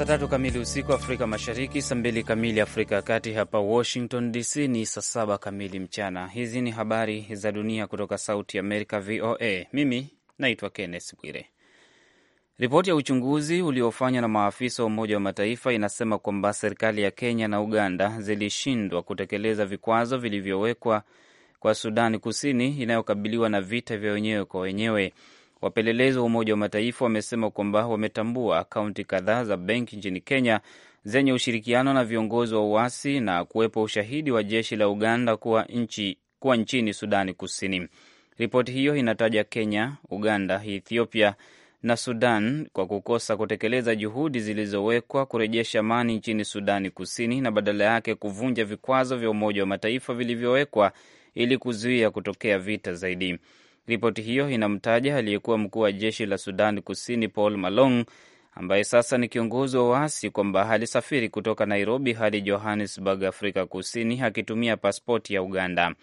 Saa tatu kamili usiku Afrika Mashariki, saa mbili kamili Afrika ya Kati. Hapa Washington DC ni saa saba kamili mchana. Hizi ni habari za dunia kutoka Sauti Amerika, VOA. Mimi naitwa Kenneth Bwire. Ripoti ya uchunguzi uliofanywa na maafisa wa Umoja wa Mataifa inasema kwamba serikali ya Kenya na Uganda zilishindwa kutekeleza vikwazo vilivyowekwa kwa Sudani Kusini inayokabiliwa na vita vya wenyewe kwa wenyewe. Wapelelezi wa Umoja wa Mataifa wamesema kwamba wametambua akaunti kadhaa za benki nchini Kenya zenye ushirikiano na viongozi wa uasi na kuwepo ushahidi wa jeshi la Uganda kuwa, nchi, kuwa nchini Sudani Kusini. Ripoti hiyo inataja Kenya, Uganda, Ethiopia na Sudan kwa kukosa kutekeleza juhudi zilizowekwa kurejesha amani nchini Sudani Kusini na badala yake kuvunja vikwazo vya Umoja wa Mataifa vilivyowekwa ili kuzuia kutokea vita zaidi. Ripoti hiyo inamtaja aliyekuwa mkuu wa jeshi la Sudan Kusini Paul Malong, ambaye sasa ni kiongozi wa waasi, kwamba alisafiri kutoka Nairobi hadi Johannesburg, Afrika Kusini, akitumia paspoti ya Uganda.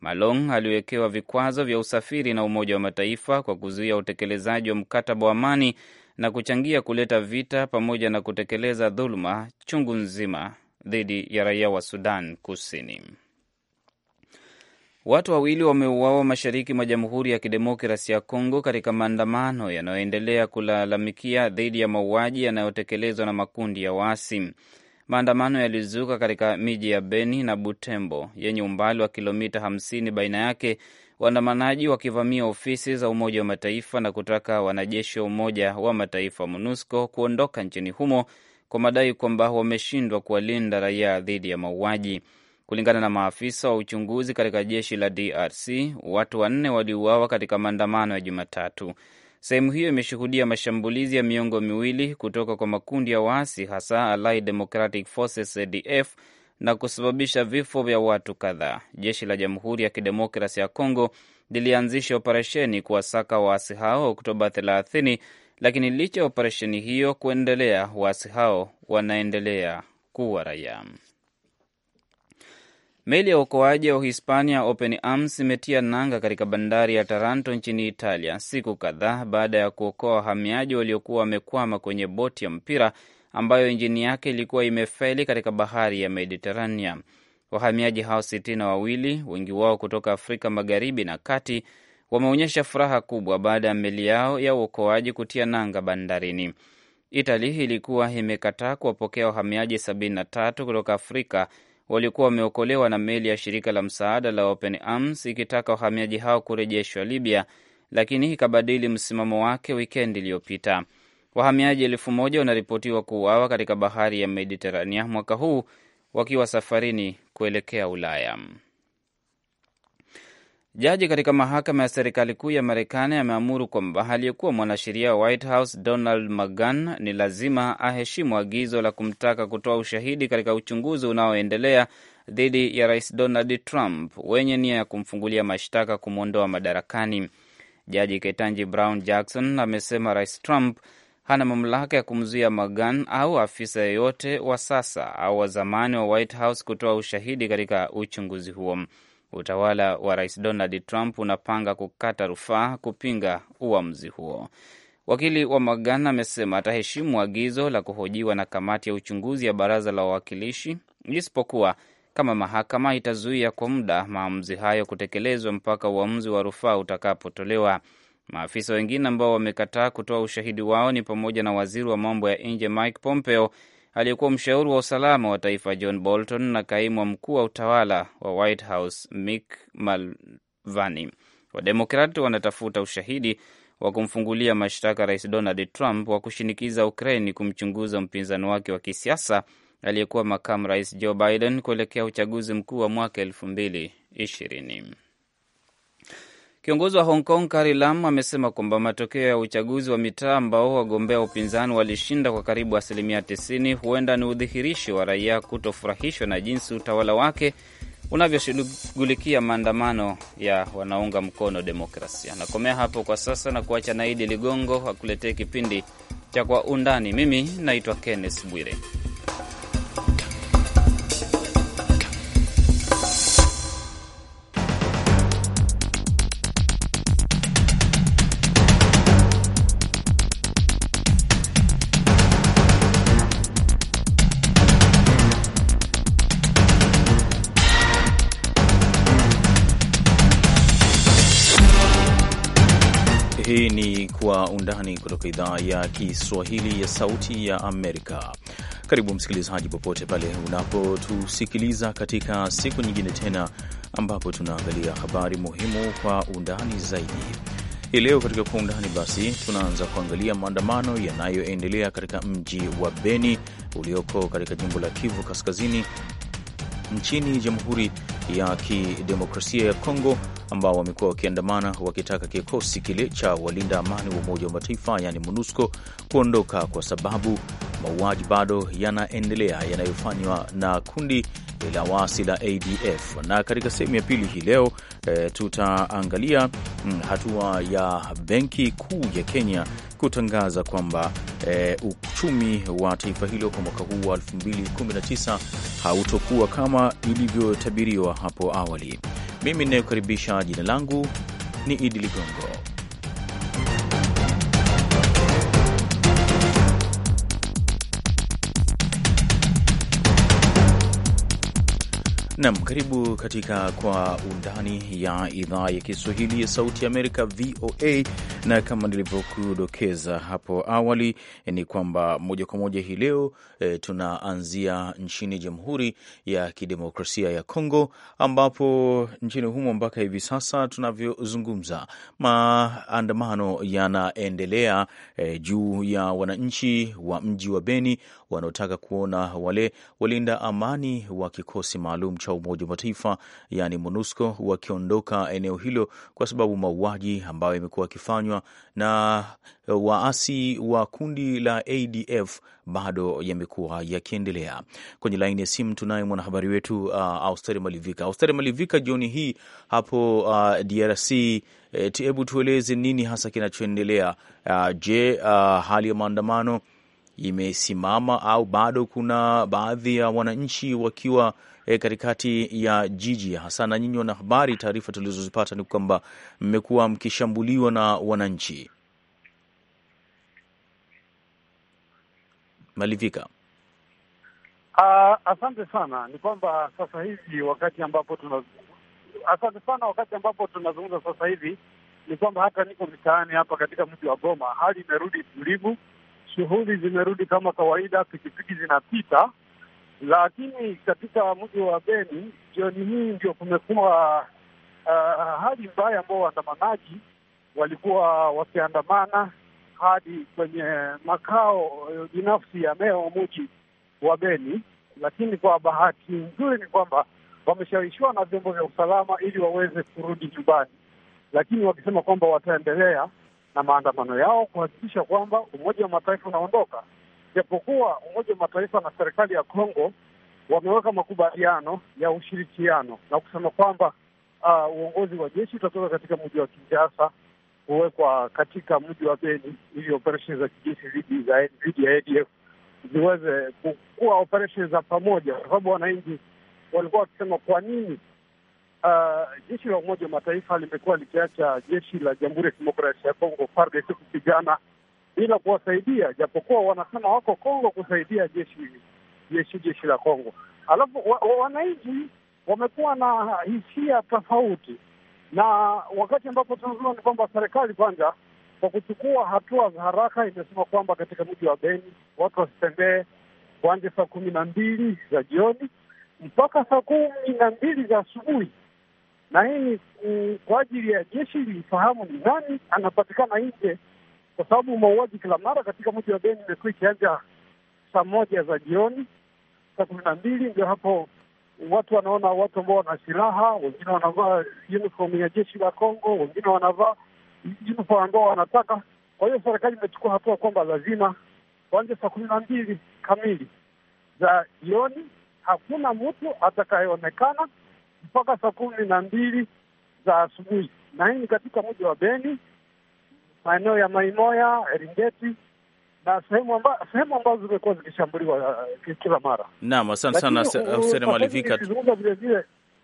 Malong aliwekewa vikwazo vya usafiri na Umoja wa Mataifa kwa kuzuia utekelezaji wa mkataba wa amani na kuchangia kuleta vita pamoja na kutekeleza dhuluma chungu nzima dhidi ya raia wa Sudan Kusini. Watu wawili wameuawa mashariki mwa Jamhuri ya Kidemokrasi ya Kongo katika maandamano yanayoendelea kulalamikia dhidi ya mauaji yanayotekelezwa na makundi ya waasi. Maandamano yalizuka katika miji ya Beni na Butembo yenye umbali wa kilomita 50 baina yake, waandamanaji wakivamia ofisi za Umoja wa Mataifa na kutaka wanajeshi wa Umoja wa Mataifa MONUSCO kuondoka nchini humo kwa madai kwamba wameshindwa kuwalinda raia dhidi ya mauaji. Kulingana na maafisa wa uchunguzi katika jeshi la DRC, watu wanne waliuawa katika maandamano ya Jumatatu. Sehemu hiyo imeshuhudia mashambulizi ya miongo miwili kutoka kwa makundi ya waasi, hasa Allied Democratic Forces ADF, na kusababisha vifo vya watu kadhaa. Jeshi la Jamhuri ya Kidemokrasi ya congo lilianzisha operesheni kuwasaka waasi hao Oktoba 30, lakini licha ya operesheni hiyo kuendelea, waasi hao wanaendelea kuwa raia. Meli ya uokoaji ya Uhispania Open Arms imetia nanga katika bandari ya Taranto nchini Italia siku kadhaa baada ya kuokoa wahamiaji waliokuwa wamekwama kwenye boti ya mpira ambayo injini yake ilikuwa imefeli katika bahari ya Mediterania. Wahamiaji hao sitini na wawili, wengi wao kutoka Afrika magharibi na kati, wameonyesha furaha kubwa baada ya meli yao ya uokoaji kutia nanga bandarini. Itali ilikuwa imekataa kuwapokea wahamiaji 73 kutoka Afrika walikuwa wameokolewa na meli ya shirika la msaada la Open Arms ikitaka wahamiaji hao kurejeshwa Libya, lakini ikabadili msimamo wake wikendi iliyopita. Wahamiaji elfu moja wanaripotiwa kuuawa katika bahari ya Mediterania mwaka huu wakiwa safarini kuelekea Ulaya. Jaji katika mahakama ya serikali kuu ya Marekani ameamuru kwamba aliyekuwa mwanasheria wa White House Donald McGahn ni lazima aheshimu agizo la kumtaka kutoa ushahidi katika uchunguzi unaoendelea dhidi ya rais Donald Trump wenye nia ya kumfungulia mashtaka kumwondoa madarakani. Jaji Ketanji Brown Jackson amesema rais Trump hana mamlaka ya kumzuia Magan au afisa yeyote wa sasa au wa zamani wa White House kutoa ushahidi katika uchunguzi huo. Utawala wa Rais Donald Trump unapanga kukata rufaa kupinga uamuzi huo. Wakili wa Magan amesema ataheshimu agizo la kuhojiwa na kamati ya uchunguzi ya baraza la wawakilishi, isipokuwa kama mahakama itazuia kwa muda maamuzi hayo kutekelezwa mpaka uamuzi wa rufaa utakapotolewa. Maafisa wengine ambao wamekataa kutoa ushahidi wao ni pamoja na waziri wa mambo ya nje Mike Pompeo aliyekuwa mshauri wa usalama wa taifa John Bolton na kaimu wa mkuu wa utawala wa White House Mick Mulvaney. Wademokrati wanatafuta ushahidi wa kumfungulia mashtaka Rais Donald Trump wa kushinikiza Ukraini kumchunguza mpinzani wake wa kisiasa aliyekuwa makamu rais Joe Biden kuelekea uchaguzi mkuu wa mwaka elfu mbili ishirini. Kiongozi wa Hong Kong Carrie Lam amesema kwamba matokeo ya uchaguzi wa mitaa ambao wagombea upinzani walishinda kwa karibu asilimia 90 huenda ni udhihirisho wa raia kutofurahishwa na jinsi utawala wake unavyoshughulikia maandamano ya wanaunga mkono demokrasia. Nakomea hapo kwa sasa na kuacha Naidi Ligongo akuletee kipindi cha Kwa Undani. Mimi naitwa Kenneth Bwire. Undani kutoka idhaa ya Kiswahili ya Sauti ya Amerika. Karibu msikilizaji, popote pale unapotusikiliza katika siku nyingine tena, ambapo tunaangalia habari muhimu kwa undani zaidi. Hii leo katika Kwa Undani basi tunaanza kuangalia maandamano yanayoendelea katika mji wa Beni ulioko katika jimbo la Kivu Kaskazini nchini Jamhuri ya Kidemokrasia ya Kongo ambao wamekuwa wakiandamana wakitaka kikosi kile cha walinda amani wa Umoja wa Mataifa yani MONUSCO kuondoka kwa sababu mauaji bado yanaendelea yanayofanywa na kundi la waasi la ADF. Na katika sehemu ya pili hii leo e, tutaangalia mm, hatua ya Benki Kuu ya Kenya kutangaza kwamba e, uchumi wa taifa hilo kwa mwaka huu wa 2019 hautokuwa kama ilivyotabiriwa hapo awali. Mimi ninayokaribisha, jina langu ni Idi Ligongo Nam, karibu katika Kwa Undani ya idhaa ya Kiswahili ya Sauti ya Amerika, VOA. Na kama nilivyokudokeza hapo awali eh, ni kwamba moja kwa moja hii leo e, tunaanzia nchini Jamhuri ya Kidemokrasia ya Kongo, ambapo nchini humo mpaka hivi sasa tunavyozungumza maandamano yanaendelea e, juu ya wananchi wa mji wa Beni wanaotaka kuona wale walinda amani wa kikosi maalum cha Umoja wa Mataifa yani MONUSCO wakiondoka eneo hilo, kwa sababu mauaji ambayo yamekuwa yakifanywa na waasi wa kundi la ADF bado yamekuwa yakiendelea. Kwenye laini ya simu tunaye mwanahabari wetu uh, Austeri Malivika. Austeri Malivika, jioni hii hapo uh, DRC, eh, hebu tueleze nini hasa kinachoendelea? Uh, je, uh, hali ya maandamano imesimama au bado kuna baadhi ya wananchi wakiwa e, katikati ya jiji hasa. Na nyinyi wanahabari, taarifa tulizozipata ni kwamba mmekuwa mkishambuliwa na wananchi Malivika. Uh, asante sana. Ni kwamba sasa hivi wakati ambapo tuna asante sana, wakati ambapo tunazungumza sasa hivi ni kwamba hata niko mitaani hapa katika mji wa Goma, hali imerudi tulivu shughuli zimerudi kama kawaida, pikipiki zinapita, lakini katika mji wa Beni jioni hii ndio kumekuwa uh, hali mbaya ambao waandamanaji walikuwa wakiandamana hadi kwenye makao uh, binafsi ya meya wa mji wa Beni, lakini kwa bahati nzuri ni kwamba wameshawishiwa na vyombo vya usalama ili waweze kurudi nyumbani, lakini wakisema kwamba wataendelea na maandamano yao kuhakikisha kwamba Umoja wa Mataifa unaondoka, japokuwa Umoja wa Mataifa na serikali ya Kongo wameweka makubaliano ya ushirikiano na kusema kwamba uh, uongozi wa jeshi utatoka katika mji wa Kinshasa kuwekwa katika mji wa Beni ili operesheni za kijeshi dhidi ya ADF ziweze kuwa operesheni za pamoja, kwa sababu wananchi walikuwa wakisema kwa nini uh, jeshi la Umoja wa Mataifa limekuwa likiacha jeshi la Jamhuri ya Kidemokrasia ya Kongo FARDC kupigana bila kuwasaidia, japokuwa wanasema wako Kongo kusaidia jeshi jeshi jeshi la Kongo. Alafu wa, wananchi wamekuwa na hisia tofauti, na wakati ambapo tunazua ni kwamba serikali kwanza kwa kuchukua hatua za haraka imesema kwamba katika mji wa Beni watu wasitembee kuanzia saa kumi na mbili za jioni mpaka saa kumi na mbili za asubuhi, na hii ni kwa ajili ya jeshi lifahamu ni nani anapatikana nje, kwa sababu mauaji kila mara katika mji wa Beni imekuwa ikianza saa moja za jioni, saa kumi na mbili ndio hapo watu wanaona watu ambao wana silaha, wengine wanavaa uniform ya jeshi la Kongo, wengine wanavaa uniform ambao wanataka. Kwa hiyo serikali imechukua hatua kwamba lazima kuanzia saa kumi na mbili kamili za jioni hakuna mtu atakayeonekana mpaka saa kumi na mbili za asubuhi, na hii ni katika mji wa Beni, maeneo ya Maimoya, Eringeti na sehemu amba, sehemu ambazo zimekuwa zikishambuliwa eh, kila mara. Naam, asante sana Hussein Malivika. Vile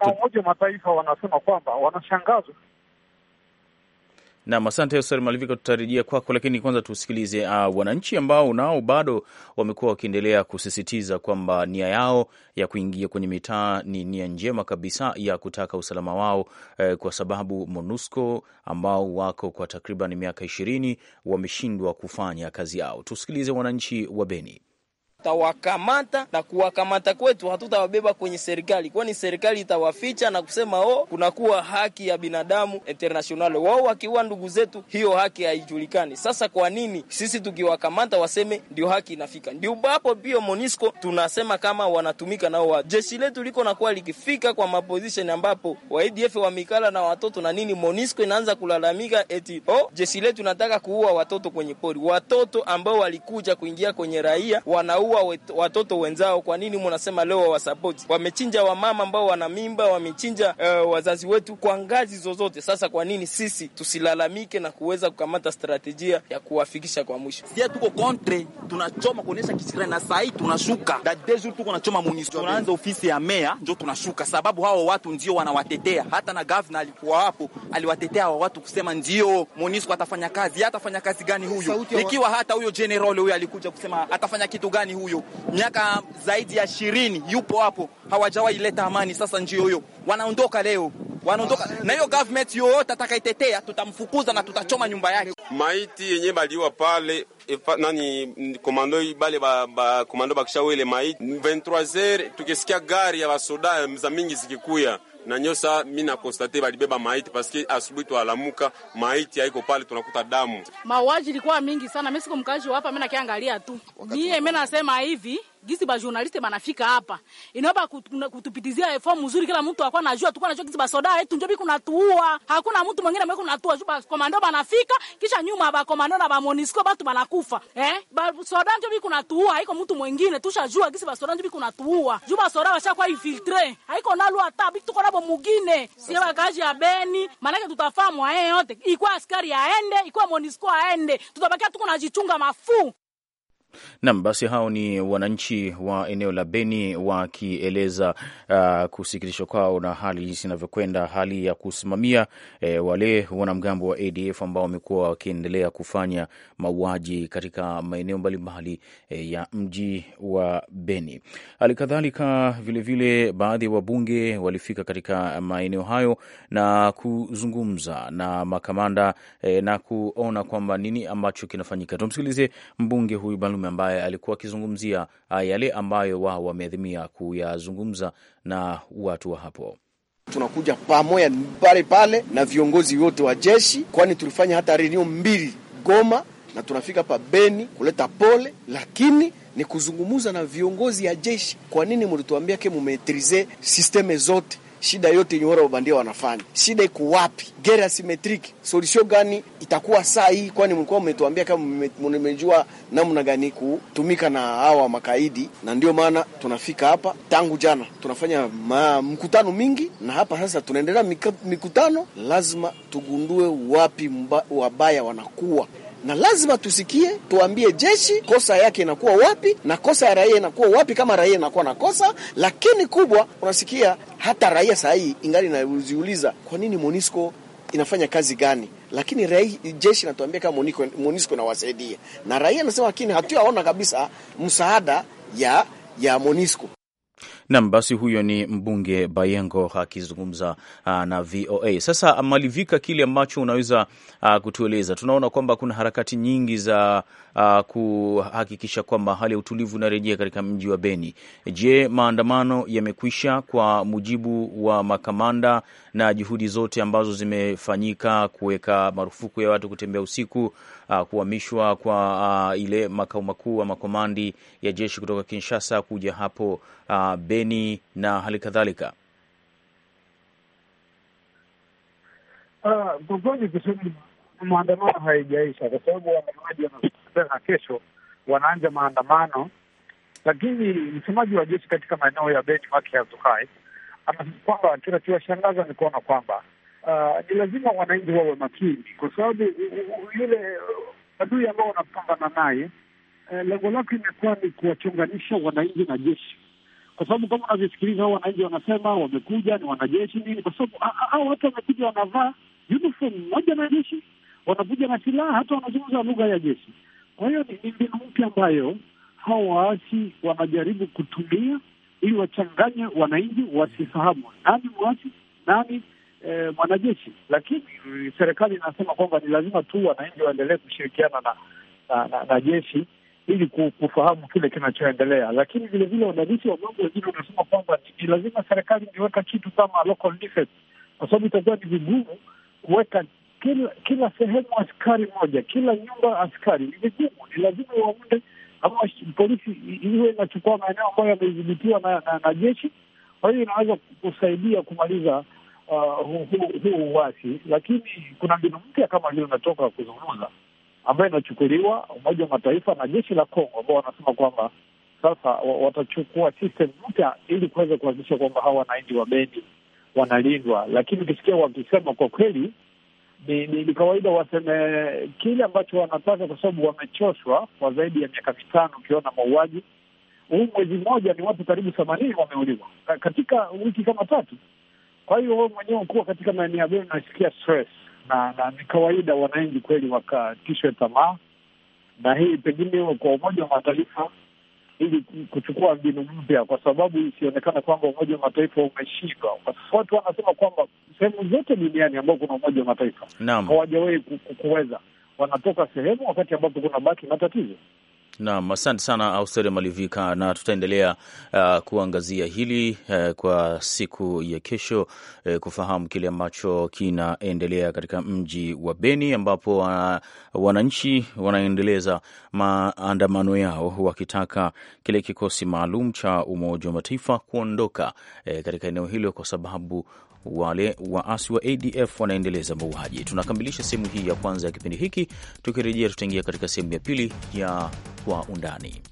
na Umoja wa Mataifa wanasema kwamba wanashangazwa Nam, asante Hoser Malivika, tutarejia kwako, lakini kwanza tusikilize uh, wananchi ambao nao bado wamekuwa wakiendelea kusisitiza kwamba nia yao ya kuingia kwenye mitaa ni nia njema kabisa ya kutaka usalama wao eh, kwa sababu MONUSCO ambao wako kwa takriban miaka ishirini wameshindwa kufanya kazi yao. Tusikilize wananchi wa Beni tawakamata na kuwakamata kwetu hatutawabeba kwenye serikali, kwani serikali itawaficha na kusema oh, kunakuwa haki ya binadamu international. Wao wakiua ndugu zetu, hiyo haki haijulikani. Sasa kwa nini sisi tukiwakamata waseme ndio haki inafika? Ndio hapo pia Monisco tunasema kama wanatumika nao wa jeshi letu liko nakuwa likifika kwa maposition ambapo wa ADF wamikala na watoto na nini, Monisco inaanza kulalamika eti oh, jeshi letu nataka kuua watoto kwenye pori, watoto ambao walikuja kuingia kwenye raia wanau wanaua watoto wenzao. Kwa nini mnasema leo wasapoti? Wamechinja wamama ambao wana mimba, wamechinja uh, wazazi wetu kwa ngazi zozote. Sasa kwa nini sisi tusilalamike na kuweza kukamata strategia ya kuwafikisha kwa mwisho? Sisi tuko kontre, tunachoma kuonesha kisikira na sahi tunashuka dadezu, tuko nachoma munisi, tunaanza ofisi ya meya ndio tunashuka, sababu hao watu ndio wanawatetea. Hata na gavana alikuwa hapo, aliwatetea hao watu kusema ndio Monusco atafanya kazi. Hata Atafanya kazi gani huyu, ikiwa hata huyo general huyo alikuja kusema atafanya kitu gani huyu? huyo, miaka zaidi ya ishirini yupo hapo, hawajawahi leta amani. Sasa njio huyo wanaondoka leo, wanaondoka na hiyo government. Yoyote atakayetetea tutamfukuza na tutachoma nyumba yake. Maiti yenye baliwa pale Efa, nani komando bale ba, ba komando bakishawele maiti 23h tukisikia gari ya basoda za mingi zikikuya na nyosa mi na konstate balibeba maiti paske asubuhi twalamuka maiti haiko pale, tunakuta damu. Mauaji ilikuwa mingi sana, mimi siku mkaji hapa, mimi nakiangalia tu. Mimi nasema hivi Gisi ba journaliste banafika hapa. Inaomba kutupitizia efo mzuri, kila mtu akwa najua tukua najua gisi ba soda yetu njobi kuna tuua, Hakuna mtu mwingine mweko tuua juba komando banafika kisha nyuma ba komando na ba Monisco batu banakufa. Eh? Ba soda njobi kuna tuua, haiko mtu mwingine tushajua gisi ba soda njobi kuna tuua Juba soda kwa infiltre. Haiko nalo hata biko tuko nabo mugine. Sie kazi ya Beni manake tutafamwa eh yote. ikwa askari aende, ikwa Monisco aende. tutabaki tuko najichunga mafu. Nam, basi hao ni wananchi wa eneo la Beni wakieleza uh, kusikitishwa kwao na hali jinsi inavyokwenda, hali ya kusimamia eh, wale wanamgambo wa ADF ambao wamekuwa wakiendelea kufanya mauaji katika maeneo mbalimbali eh, ya mji wa Beni. Hali kadhalika vilevile, baadhi ya wabunge walifika katika maeneo hayo na kuzungumza na makamanda eh, na kuona kwamba nini ambacho kinafanyika. Tumsikilize mbunge huyu Balum Karume ambaye alikuwa akizungumzia ah, yale ambayo wao wameadhimia kuyazungumza na watu wa hapo. Tunakuja pamoja pale pale na viongozi wote wa jeshi, kwani tulifanya hata renio mbili Goma na tunafika pa Beni kuleta pole, lakini ni kuzungumza na viongozi ya jeshi. Kwa nini mulituambia ke mumetrize sisteme zote shida yote yenye wara wabandia wanafanya, shida iko wapi? Gera asimetriki solution gani itakuwa saa hii? Kwani mlikuwa mmetuambia kama mmejua namna gani kutumika na hawa makaidi, na ndio maana tunafika hapa tangu jana, tunafanya ma, mkutano mingi, na hapa sasa tunaendelea mikutano. Lazima tugundue wapi mba, wabaya wanakuwa na lazima tusikie, tuambie jeshi kosa yake inakuwa wapi na kosa ya raia inakuwa wapi, kama raia inakuwa na kosa. Lakini kubwa unasikia hata raia saa hii ingali inajiuliza kwa nini Monisco inafanya kazi gani, lakini rai, jeshi natuambia kama Monisco, Monisco nawasaidia na raia anasema, lakini hatuyaona kabisa msaada ya, ya Monisco. Nam, basi huyo ni mbunge Bayengo akizungumza ah, na VOA. Sasa malivika, kile ambacho unaweza uh, kutueleza. Tunaona kwamba kuna harakati nyingi za uh, kuhakikisha kwamba hali ya utulivu inarejea katika mji wa Beni. Je, maandamano yamekwisha kwa mujibu wa makamanda na juhudi zote ambazo zimefanyika kuweka marufuku ya watu kutembea usiku, uh, kuhamishwa kwa uh, ile makao makuu ama komandi ya jeshi kutoka Kinshasa kuja hapo uh, Beni na hali kadhalika? Ah, kwa kweli kusema maandamano haijaisha, kwa sababu waandamanaji wanasema kesho wanaanja maandamano, lakini msemaji wa jeshi katika maeneo ya Beni Maki Azuhai anasema kwamba kinachowashangaza ni kuona kwamba uh, ni lazima wananchi wawe makini, kwa sababu yule uh, adui ambao wanapambana naye uh, lengo lake imekuwa ni kuwachunganisha wananchi na jeshi kwa sababu kama unavyosikiliza hao wananchi wanasema wamekuja ni wanajeshi nini, kwa sababu hao watu wamekuja wanavaa uniform moja na jeshi, wanakuja na silaha, hata wanazungumza lugha ya jeshi. Kwa hiyo ni mbinu mpya ambayo hao waasi wanajaribu kutumia ili wachanganye wananchi, wasifahamu nani mwasi nani e, mwanajeshi. Lakini mm, serikali inasema kwamba ni lazima tu wananchi waendelee kushirikiana na na, na, na jeshi ili kufahamu kile kinachoendelea. Lakini vilevile wadadisi wa mambo wengine wanasema kwamba ni lazima serikali ingeweka kitu kama local defense, kwa sababu itakuwa ni vigumu kuweka kila kila sehemu askari moja, kila nyumba askari. Ni vigumu, ni lazima waunde ama polisi iwe inachukua maeneo ambayo yamedhibitiwa na, na, na jeshi. Kwa hiyo inaweza kusaidia kumaliza huu uh, hu, uwasi, lakini kuna mbinu mpya kama vile imetoka kuzungumza ambayo inachukuliwa Umoja wa Mataifa na jeshi la Kongo ambao wanasema kwamba sasa watachukua system mpya ili kuweza kuhakikisha kwamba hawa wananchi wa Beni wanalindwa. Lakini ukisikia wakisema kwa kweli ni, ni, ni kawaida waseme kile ambacho wanataka, kwa sababu wamechoshwa kwa zaidi ya miaka mitano ukiona mauaji. Huu mwezi mmoja ni watu karibu themanini wameuliwa katika wiki kama tatu. Kwa hiyo wao mwenyewe ukuwa katika maeneo ya bei, unasikia stress na, na ni kawaida wananchi kweli wakatishwe tamaa, na hii pengine kwa Umoja wa Mataifa ili kuchukua mbinu mpya, kwa sababu isionekana kwamba Umoja wa Mataifa umeshindwa. Watu wanasema kwamba sehemu zote duniani ambao kuna Umoja wa Mataifa hawajawahi kuweza, wanatoka sehemu wakati ambapo kuna baki matatizo. Naam, asante sana Austeri Malivika, na tutaendelea uh, kuangazia hili uh, kwa siku ya kesho uh, kufahamu kile ambacho kinaendelea katika mji wa Beni ambapo uh, wananchi wanaendeleza maandamano yao wakitaka kile kikosi maalum cha Umoja wa Mataifa kuondoka uh, katika eneo hilo kwa sababu wale waasi wa ADF wanaendeleza mauaji. Tunakamilisha sehemu hii ya kwanza ya kipindi hiki. Tukirejea, tutaingia katika sehemu ya pili ya kwa undani.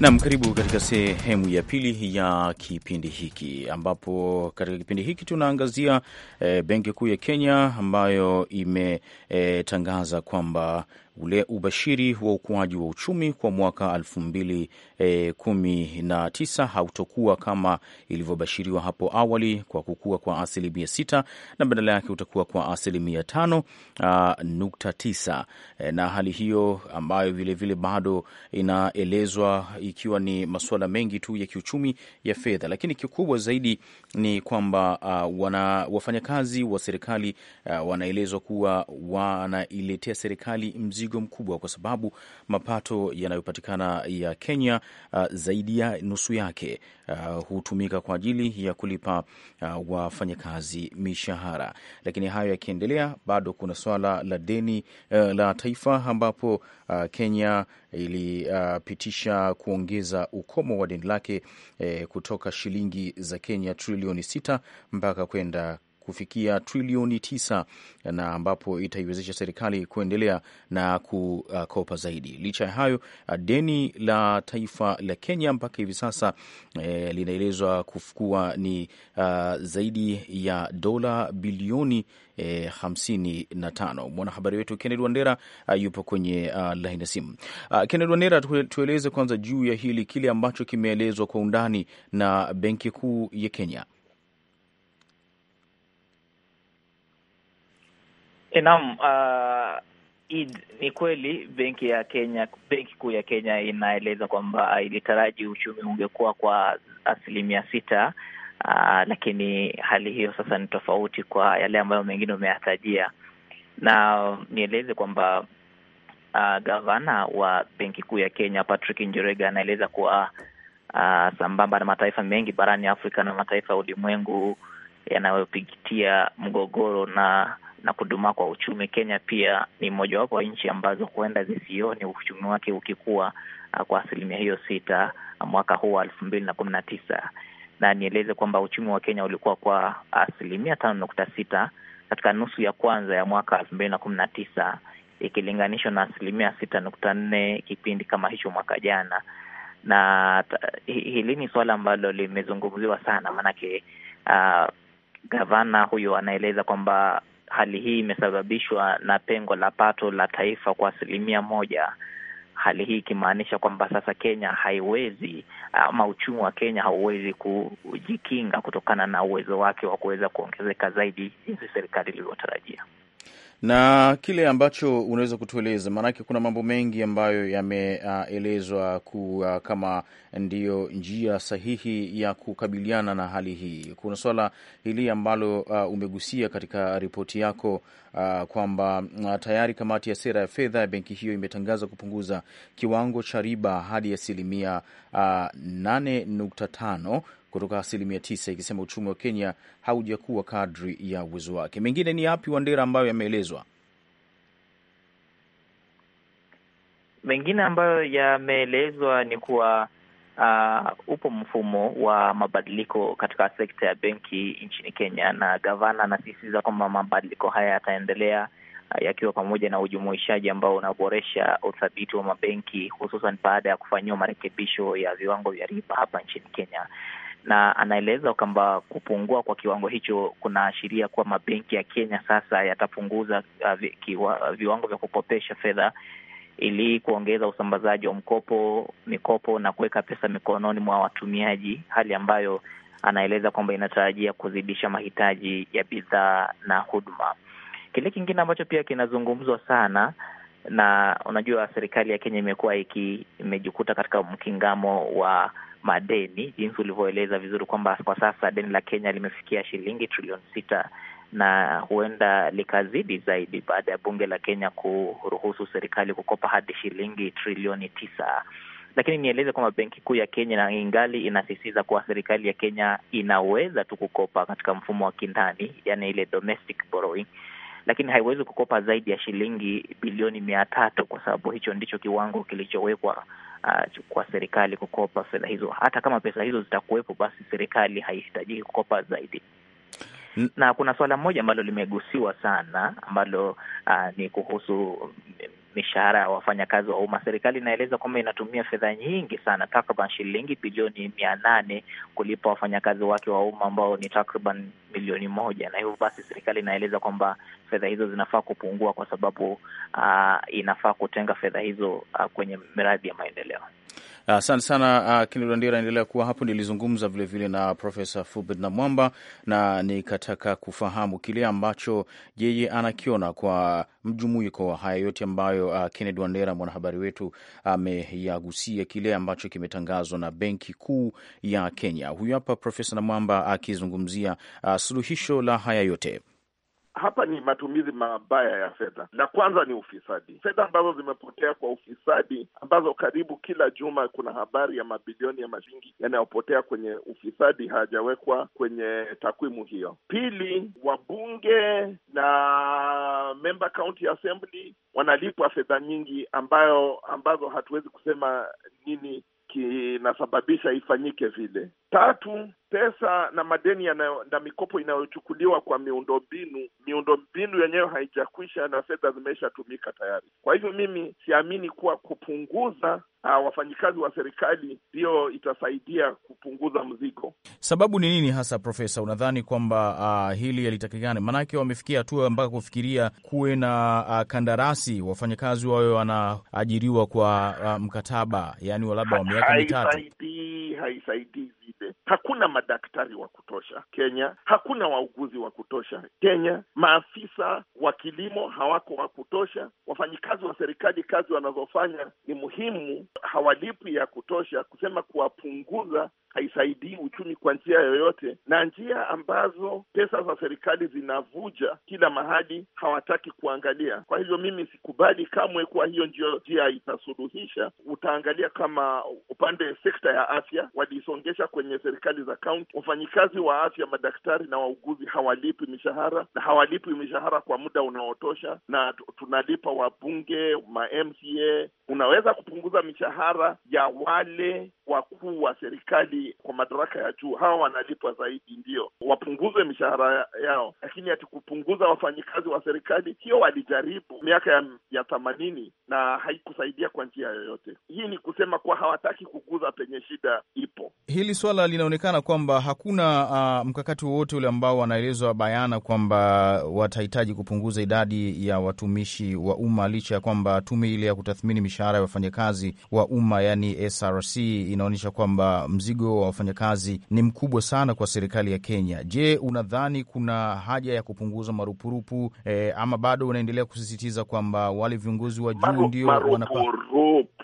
Nam, karibu katika sehemu ya pili ya kipindi hiki, ambapo katika kipindi hiki tunaangazia e, benki kuu ya Kenya ambayo imetangaza e, kwamba ule ubashiri wa ukuaji wa uchumi kwa mwaka 2019 eh, hautokuwa kama ilivyobashiriwa hapo awali kwa kukua kwa asilimia 6 na badala yake utakuwa kwa asilimia 5.9, ah, eh, na hali hiyo ambayo vilevile vile bado inaelezwa ikiwa ni masuala mengi tu ya kiuchumi ya fedha, lakini kikubwa zaidi ni kwamba uh, wana wafanyakazi wa serikali uh, wanaelezwa kuwa wanailetea serikali mzigo mzigo mkubwa, kwa sababu mapato yanayopatikana ya Kenya uh, zaidi ya nusu yake uh, hutumika kwa ajili ya kulipa uh, wafanyakazi mishahara. Lakini hayo yakiendelea, bado kuna swala la deni uh, la taifa ambapo uh, Kenya ilipitisha uh, kuongeza ukomo wa deni lake eh, kutoka shilingi za Kenya trilioni sita mpaka kwenda kufikia trilioni tisa na ambapo itaiwezesha serikali kuendelea na kukopa zaidi. Licha ya hayo, deni la taifa la Kenya mpaka hivi sasa e, linaelezwa kuwa ni uh, zaidi ya dola bilioni E, hamsini na tano. Mwanahabari wetu Kennedy Wandera uh, yupo kwenye uh, ya simu uh, Kennedy Wandera, tueleze kwanza juu ya hili kile ambacho kimeelezwa kwa undani na Benki Kuu ya Kenya. Naam, uh, ni kweli benki ya Kenya, benki kuu ya Kenya inaeleza kwamba ilitaraji uchumi ungekuwa kwa asilimia sita, uh, lakini hali hiyo sasa ni tofauti kwa yale ambayo mengine umeyatajia, na nieleze kwamba uh, gavana wa benki kuu ya Kenya Patrick Njoroge anaeleza kuwa uh, sambamba na mataifa mengi barani Afrika na mataifa ya ulimwengu yanayopitia mgogoro na na kudumaa kwa uchumi. Kenya pia ni mojawapo wa nchi ambazo huenda zisioni uchumi wake ukikuwa uh, kwa asilimia hiyo sita uh, mwaka huu wa elfu mbili na kumi na tisa na nieleze kwamba uchumi wa Kenya ulikuwa kwa asilimia tano nukta sita katika nusu ya kwanza ya mwaka elfu mbili na kumi na tisa ikilinganishwa na asilimia sita nukta nne kipindi kama hicho mwaka jana. Na hili ni suala ambalo limezungumziwa sana, maanake uh, gavana huyo anaeleza kwamba hali hii imesababishwa na pengo la pato la taifa kwa asilimia moja. Hali hii ikimaanisha kwamba sasa Kenya haiwezi ama uchumi wa Kenya hauwezi kujikinga kutokana na uwezo wake wa kuweza kuongezeka zaidi jinsi serikali ilivyotarajia na kile ambacho unaweza kutueleza, maanake kuna mambo mengi ambayo yameelezwa uh, kuwa uh, kama ndiyo njia sahihi ya kukabiliana na hali hii. Kuna swala hili ambalo uh, umegusia katika ripoti yako uh, kwamba uh, tayari kamati ya sera ya fedha ya benki hiyo imetangaza kupunguza kiwango cha riba hadi asilimia uh, 8.5 kutoka asilimia tisa, ikisema uchumi wa Kenya haujakuwa kadri ya uwezo wake. Mengine ni yapi, Wandera, ambayo yameelezwa? Mengine ambayo yameelezwa ni kuwa Uh, upo mfumo wa mabadiliko katika sekta ya benki nchini Kenya, na gavana anasisitiza kwamba mabadiliko haya yataendelea, uh, yakiwa pamoja na ujumuishaji ambao unaboresha uthabiti wa mabenki, hususan baada ya kufanyiwa marekebisho ya viwango vya riba hapa nchini Kenya na anaeleza kwamba kupungua kwa kiwango hicho kunaashiria kuwa mabenki ya Kenya sasa yatapunguza uh, viwango vya kukopesha fedha ili kuongeza usambazaji wa mkopo mikopo na kuweka pesa mikononi mwa watumiaji, hali ambayo anaeleza kwamba inatarajia kuzidisha mahitaji ya bidhaa na huduma. Kile kingine ambacho pia kinazungumzwa sana na unajua serikali ya Kenya imekuwa iki imejikuta katika mkingamo wa madeni, jinsi ulivyoeleza vizuri kwamba kwa sasa deni la Kenya limefikia shilingi trilioni sita na huenda likazidi zaidi baada ya bunge la Kenya kuruhusu serikali kukopa hadi shilingi trilioni tisa. Lakini nieleze kwamba Benki Kuu ya Kenya na ingali inasisitiza kuwa serikali ya Kenya inaweza tu kukopa katika mfumo wa kindani, yani ile domestic borrowing lakini haiwezi kukopa zaidi ya shilingi bilioni mia tatu kwa sababu hicho ndicho kiwango kilichowekwa uh, kwa serikali kukopa fedha hizo. Hata kama pesa hizo zitakuwepo, basi serikali haihitajiki kukopa zaidi na kuna suala moja ambalo limegusiwa sana ambalo uh, ni kuhusu mishahara ya wafanyakazi wa umma. Serikali inaeleza kwamba inatumia fedha nyingi sana, takriban shilingi bilioni mia nane kulipa wafanyakazi wake wa umma ambao ni takriban milioni moja, na hivyo basi serikali inaeleza kwamba fedha hizo zinafaa kupungua kwa sababu uh, inafaa kutenga fedha hizo uh, kwenye miradi ya maendeleo. Asante sana uh, Kennedy Wandera, endelea kuwa hapo. Nilizungumza vilevile na Profesa Fulbert Namwamba na nikataka kufahamu kile ambacho yeye anakiona kwa mjumuiko wa haya yote ambayo uh, Kennedy Wandera mwanahabari wetu ameyagusia, uh, kile ambacho kimetangazwa na Benki Kuu ya Kenya. Huyu hapa Profesa Namwamba akizungumzia uh, uh, suluhisho la haya yote hapa ni matumizi mabaya ya fedha. La kwanza ni ufisadi, fedha ambazo zimepotea kwa ufisadi, ambazo karibu kila juma kuna habari ya mabilioni ya mashilingi yanayopotea kwenye ufisadi, hayajawekwa kwenye takwimu hiyo. Pili, wabunge na member county assembly wanalipwa fedha nyingi ambayo ambazo hatuwezi kusema nini kinasababisha ifanyike vile. Tatu, pesa na madeni yanayo, na mikopo inayochukuliwa kwa miundombinu, miundombinu yenyewe haijakwisha na fedha zimeshatumika tayari. Kwa hivyo mimi siamini kuwa kupunguza uh, wafanyikazi wa serikali ndiyo itasaidia kupunguza mzigo. Sababu ni nini hasa, Profesa, unadhani kwamba uh, hili yalitakikana? Maanake wamefikia hatua mpaka kufikiria kuwe na uh, kandarasi, wafanyakazi wawe wanaajiriwa kwa uh, mkataba, yani labda wa miaka mitatu. Haisaidii, haisaidii wote. hakuna madaktari wa kutosha Kenya, hakuna wauguzi wa kutosha Kenya, maafisa wa kilimo hawako wa kutosha, wafanyikazi wa serikali kazi wanazofanya ni muhimu, hawalipi ya kutosha. Kusema kuwapunguza haisaidii uchumi kwa njia yoyote, na njia ambazo pesa za serikali zinavuja kila mahali hawataki kuangalia. Kwa hivyo mimi sikubali kamwe kuwa hiyo ndio njia itasuluhisha. Utaangalia kama upande sekta ya afya waliisongesha kwenye kwenye serikali za kaunti, wafanyikazi wa afya, madaktari na wauguzi hawalipi mishahara na hawalipi mishahara kwa muda unaotosha, na tunalipa wabunge, ma MCA. Unaweza kupunguza mishahara ya wale wakuu wa serikali kwa madaraka ya juu, hawa wanalipwa zaidi, ndio wapunguze mishahara yao, lakini hati kupunguza wafanyikazi wa serikali, hiyo walijaribu miaka ya, ya themanini na haikusaidia kwa njia yoyote. Hii ni kusema kuwa hawataki kuguza penye shida ipo. Hili swala linaonekana kwamba hakuna uh, mkakati wowote ule ambao wanaelezwa bayana kwamba watahitaji kupunguza idadi ya watumishi wa umma, licha ya kwamba tume ile ya kutathmini mishahara ya wafanyakazi wa umma yani SRC inaonyesha kwamba mzigo wa wafanyakazi ni mkubwa sana kwa serikali ya Kenya. Je, unadhani kuna haja ya kupunguza marupurupu eh, ama bado unaendelea kusisitiza kwamba wale viongozi wa juu ndio wanapaa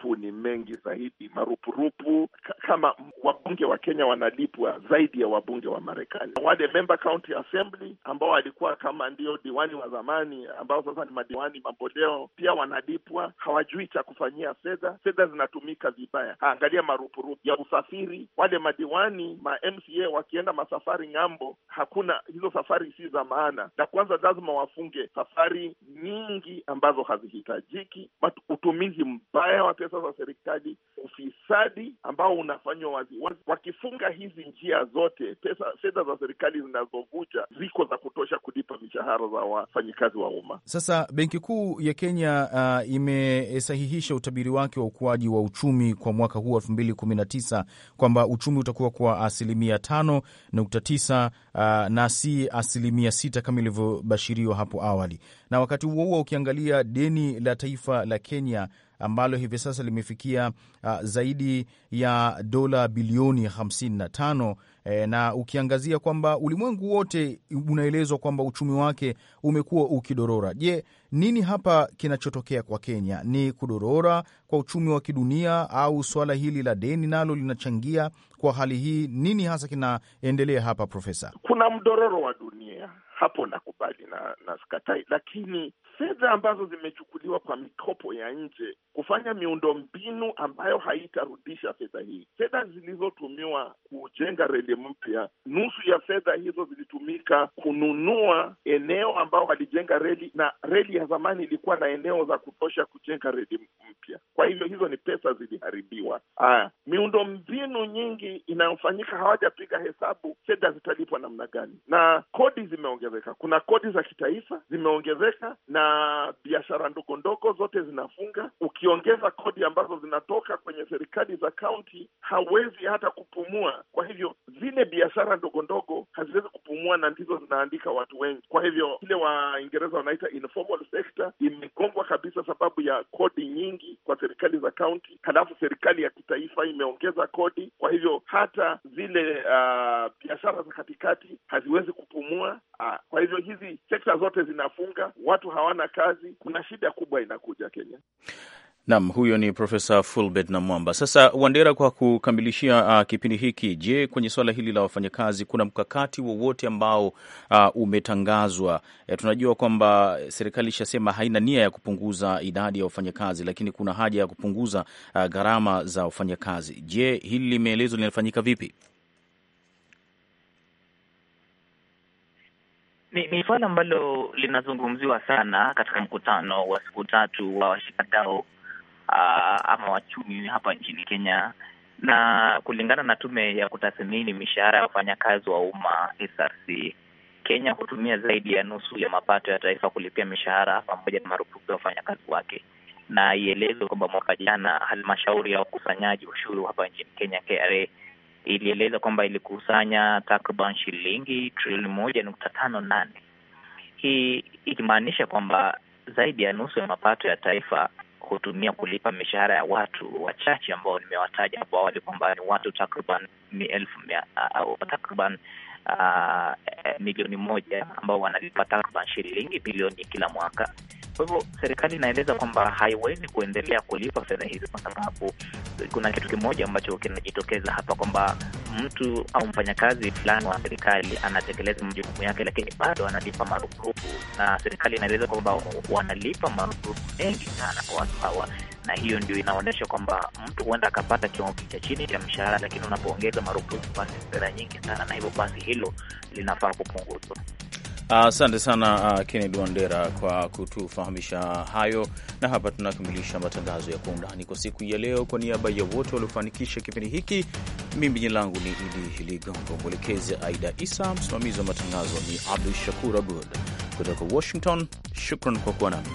marupurupu ni mengi zaidi. Marupurupu kama wabunge wa Kenya wanalipwa zaidi ya wabunge wa Marekani. Wale member county assembly ambao walikuwa kama ndio diwani wa zamani ambao sasa ni madiwani mamboleo pia wanalipwa, hawajui cha kufanyia fedha. Fedha zinatumika vibaya. Angalia marupurupu ya usafiri, wale madiwani ma MCA wakienda masafari ng'ambo, hakuna hizo safari, si za maana. Na kwanza lazima wafunge safari nyingi ambazo hazihitajiki, utumizi mbaya wa pesa sasa serikali ufisadi ambao unafanywa waziwazi Wakifunga hizi njia zote, pesa fedha za serikali zinazovuja ziko za kutosha kulipa mishahara za wafanyikazi wa umma. Sasa Benki Kuu ya Kenya uh, imesahihisha utabiri wake wa ukuaji wa uchumi kwa mwaka huu elfu mbili kumi na tisa kwamba uchumi utakuwa kwa asilimia tano nukta tisa uh, na si asilimia sita kama ilivyobashiriwa hapo awali. Na wakati huo huo ukiangalia deni la taifa la Kenya ambalo hivi sasa limefikia uh, zaidi ya dola bilioni 55 e, eh, na ukiangazia kwamba ulimwengu wote unaelezwa kwamba uchumi wake umekuwa ukidorora. Je, nini hapa kinachotokea kwa Kenya? Ni kudorora kwa uchumi wa kidunia au swala hili la deni nalo linachangia kwa hali hii? Nini hasa kinaendelea hapa, Profesa? Kuna mdororo wa dunia hapo, nakubali na, na sikatai, lakini fedha ambazo zimechukuliwa kwa mikopo ya nje kufanya miundo mbinu ambayo haitarudisha fedha hii. Fedha zilizotumiwa kujenga reli mpya, nusu ya fedha hizo zilitumika kununua eneo ambao walijenga reli, na reli ya zamani ilikuwa na eneo za kutosha kujenga reli mpya. Kwa hivyo hizo ni pesa ziliharibiwa. Aya, mbinu nyingi inayofanyika hawajapiga hesabu fedha zitalipwa namna gani, na kodi zimeongezeka. Kuna kodi za kitaifa zimeongezeka na na biashara ndogo ndogo zote zinafunga. Ukiongeza kodi ambazo zinatoka kwenye serikali za kaunti, hawezi hata kupumua. Kwa hivyo zile biashara ndogo ndogo haziwezi kupumua, na ndizo zinaandika watu wengi. Kwa hivyo ile Waingereza wanaita informal sector imegongwa kabisa, sababu ya kodi nyingi kwa serikali za kaunti, halafu serikali ya kitaifa imeongeza kodi. Kwa hivyo hata zile uh, biashara za katikati haziwezi kupumua aa. Ah, kwa hivyo hizi sekta zote zinafunga, watu hawana kazi, kuna shida kubwa inakuja Kenya. nam huyo ni Profesa Fulbert na Mwamba. Sasa Wandera, kwa kukamilishia uh, kipindi hiki, je, kwenye suala hili la wafanyakazi kuna mkakati wowote ambao uh, umetangazwa? E, tunajua kwamba serikali ishasema haina nia ya kupunguza idadi ya wafanyakazi, lakini kuna haja ya kupunguza uh, gharama za wafanyakazi. Je, hili limeelezwa linafanyika vipi? Ni, ni swala ambalo linazungumziwa sana katika mkutano wa siku tatu wa uh, ama wachumi hapa nchini Kenya, na kulingana na tume ya kutathmini mishahara ya wafanyakazi wa umma SRC, Kenya hutumia zaidi ya nusu ya mapato ya taifa kulipia mishahara pamoja na marupurupu ya wafanyakazi wake, na ielezwe kwamba mwaka jana halmashauri ya ukusanyaji ushuru hapa nchini Kenya KRA ilieleza kwamba ilikusanya takriban shilingi trilioni moja nukta tano nane hii ikimaanisha kwamba zaidi ya nusu ya mapato ya taifa hutumia kulipa mishahara ya watu wachache ambao nimewataja hapo awali kwamba ni watu takriban elfu mia takriban uh, milioni moja ambao wanalipa takriban shilingi bilioni kila mwaka. Kwa hivyo serikali inaeleza kwamba haiwezi kuendelea kulipa fedha hizi, kwa sababu kuna kitu kimoja ambacho kinajitokeza hapa kwamba mtu au mfanyakazi fulani wa serikali anatekeleza majukumu yake, lakini bado analipa marupurupu, na serikali inaeleza kwamba wanalipa marupurupu mengi sana kwa watu hawa na hiyo ndio inaonyesha kwamba mtu huenda akapata kiwango cha chini cha mshahara, lakini unapoongeza marupurupu basi sera nyingi sana, na hivyo basi hilo linafaa kupunguzwa. Asante uh, sana uh, Kennedy Wandera kwa kutufahamisha hayo, na hapa tunakamilisha matangazo ya Kwa Undani kwa siku ya leo. Kwa niaba ya wote waliofanikisha kipindi hiki, mimi jina langu ni Idi Ligongo, mwelekezi Aida Isa, msimamizi wa matangazo ni Abdu Shakur Abud kutoka Washington. Shukran kwa kuwa nami.